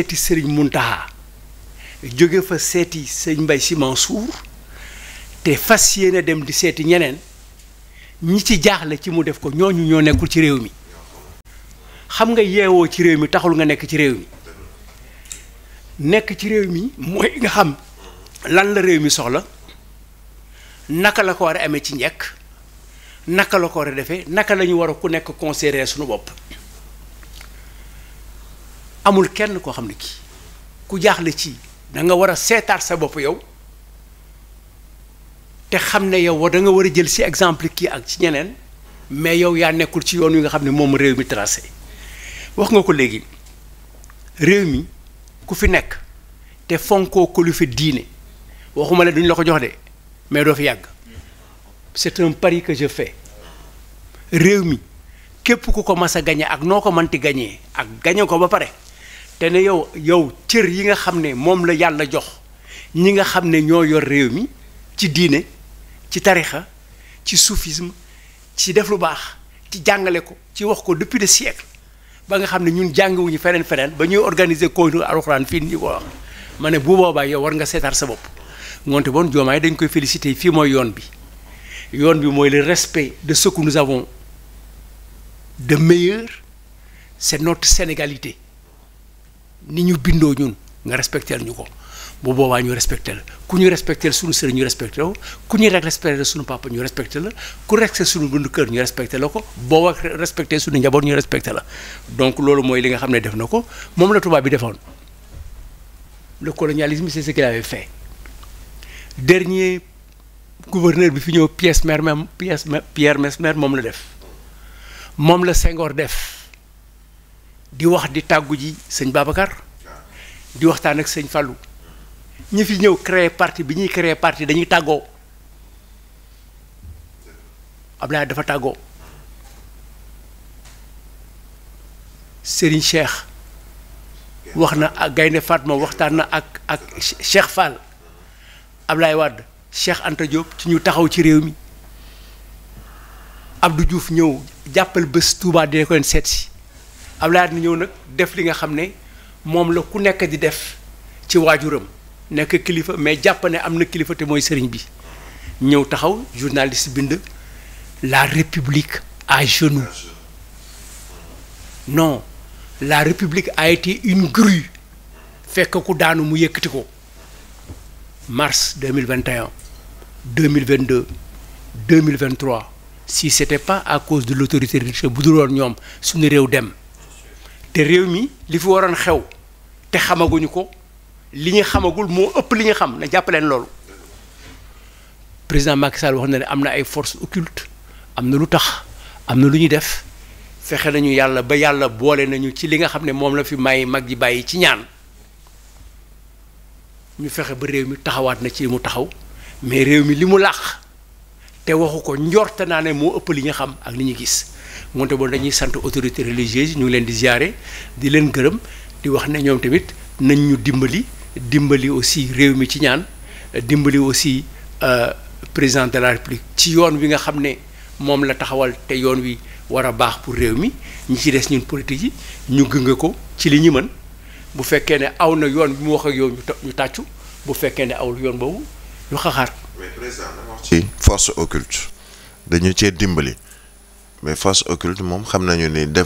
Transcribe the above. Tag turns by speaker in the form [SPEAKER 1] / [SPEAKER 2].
[SPEAKER 1] seeti sëriñ Muntaxa jóge fa seeti sëñ Mbay Si Mansuur te fas yéene dem di seeti ñeneen ñi ci jaaxle ci mu def ko ñooñu ñoo nekkul ci réew mi xam nga yeewoo ci réew mi taxul nga nekk ci réew mi nekk ci réew mi mooy nga xam lan la réew mi soxla naka la ko war a amee ci njekk naka la ko war a defee naka lañu war a ku nekk considérer sunu bopp amul kenn koo xam ne kii ku jaaxle ci da nga war a seetaat sa bopp yow te xam ne yow da danga war a jël si exemple kii ak ci ñeneen mais yow yaa nekkul ci yoon wi nga xam ne moom réew mi trase wax nga ko léegi réew mi ku fi nekk te fonkoo ko lu fi diine waxuma la duñ la ko jox de mais doo fi yàgg c'est un pari que je fais réew mi képp ku ko mas a gañe ak noo ko mënti gañee ak gañe ko ba pare te ne yow yow cër yi nga xam ne moom la yàlla jox ñi nga xam ne ñoo yor réew mi ci diine ci tarixa ci soufisme ci def lu baax ci jàngale ko ci wax ko depuis de siècles ba nga xam ne ñun jàngiwuñu feneen feneen ba ñuy organiser kooñu alxuraan fii nii ko wax ma ne bu boobaay yow war nga seetaar sa bopp ngoonte bon joomaay dañ koy féliciter fii mooy yoon bi yoon bi mooy le respect de ce que nous avons de meilleur c'est notre sénégalité ni ñu bindoo ñun nga respectel ñu ko bu boobaa ñu respecté la ku ñu respecté suñu sëriñ ñu respecté la ku ñu rek respecté suñu papa ñu respecté la ku respecté suñu bundu kër ñu respecté la ko boo respecté suñu njaboot ñu respecté la donc loolu mooy li nga xam ne def na ko moom la tubaab bi defoon le colonialisme c'est ce qu'il avait fait dernier gouverneur bi fi ñëw Pierre Mesmer Pierre Mesmer moom la def moom la Senghor def di wax di tàggu ji sëñ Babacar di waxtaan ak sëñ Fallou ñi fi ñëw créer parti bi ñuy créer parti dañuy tàggoo Abdoulaye dafa tàggoo Serigne Cheikh wax na ak Gaynde Fatma waxtaan na ak ak Cheikh Fall Abdoulaye Wade Cheikh Anta Diop ci ñu taxaw ci réew mi Abdou juuf ñëw jàppal bés Touba dina ko leen seet Abdoulaye ñëw nag def li nga xam ne moom la ku nekk di def ci waajuram nekk kilifa mais jàpp ne am na kilifa te mooy sëriñ bi ñëw taxaw journaliste bind la république à genoux non la république a été une grue fekk ku daanu mu yëkkati ko mars 2021 2022 2023 si c'était pas à cause de l'autorité bu dul woon ñoom suñu réew dem te réew mi li fi waroon xew te xamaguñu ko li ñu xamagul moo ëpp li ñu xam na jàppaleen loolu président Macky wax na ne am na ay force occultes am na lu tax am na lu ñuy def fexe nañu yàlla ba yàlla boole nañu ci li nga xam ne moom la fi may mag ji bàyyi ci ñaan ñu fexe ba réew mi taxawaat na ci li mu taxaw mais réew mi li mu làq te waxu ko njort naa ne moo ëpp li ñu xam ak li ñu gis moonte bon dañuy sant autorité religieuse ñu ngi leen di ziare di leen gërëm di wax ne ñoom tamit nañ ñu dimbali dimbali aussi réew mi ci ñaan dimbali aussi euh, président de la république ci yoon wi nga xam ne moom la taxawal te yoon wi war a baax pour réew mi ñi ci des ñun politique yi ñu gënga ko ci li ñu mën bu fekkee ne aw na yoon bi mu wax ak yow ñu tàccu bu fekkee ne awul yoon boobu président dama ci force occulte dañu cee dimbali mais force occulte moom xam nañu ni def